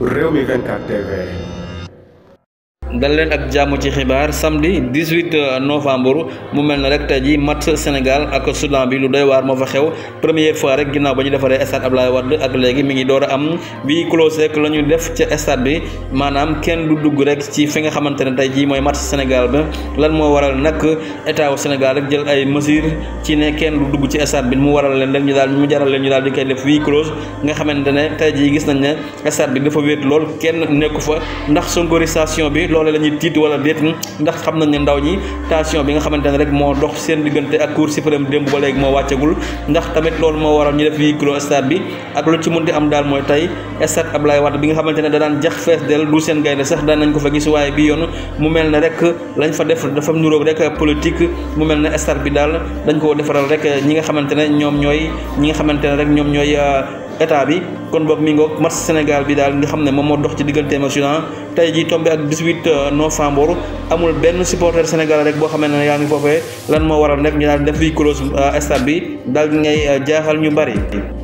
Rewmi 24 TV dal leen ak jàmm ci xibaar samedi 18 novembre mu mel na rek tey ji match Sénégal ak Soudan bi lu doy waar moo fa xew première fois rek ginnaaw ba ñu defaree stade Abdoulaye Wade ak léegi mi ngi door am bii close rek la ñu def ci estade bi maanaam kenn du dugg rek ci fi nga xamante ne tey ji mooy match Sénégal ba lan moo waral nag état wu Sénégal rek jël ay mesures ci ne kenn du dugg ci estade bi mu waral leen rek ñu daal mu jaral leen ñu daal di koy def bii nga xamante ne tey ji gis nañ ne stade bi dafa wéet lool kenn nekku fa ndax bi nawle la ñuy tiit wala déet ndax xam nañ ne ndaw ñi tension bi nga xamante ne rek moo dox seen diggante ak Cour suprême démb ba léegi moo wàccagul ndax tamit loolu moo waral ñu def huis clos stade bi ak lu ci munti am daal mooy tey stade Abdoulaye Wade bi nga xamante ne da daan jax fees del du seen gaynde sax daan nañ ko fa gis waaye bi yoon mu mel ne rek lañ fa def dafa nuróog rek politique mu mel ne stade bi daal dañ koo defaral rek ñi nga xamante ne ñoom ñooy ñi nga xamante ne rek ñoom état bi kon boog mi ngoog match Sénégal bi daal nga xam ne moom moo dox ci diggante ak Soudan tey jii tombé ak 18 euh, novembre amul benn supporter Sénégal rek boo xamee ne yaa ngi foofee lan moo waral rek ñu daal def fii close euh, stade bi daal di ngay euh, jaaxal ñu bari.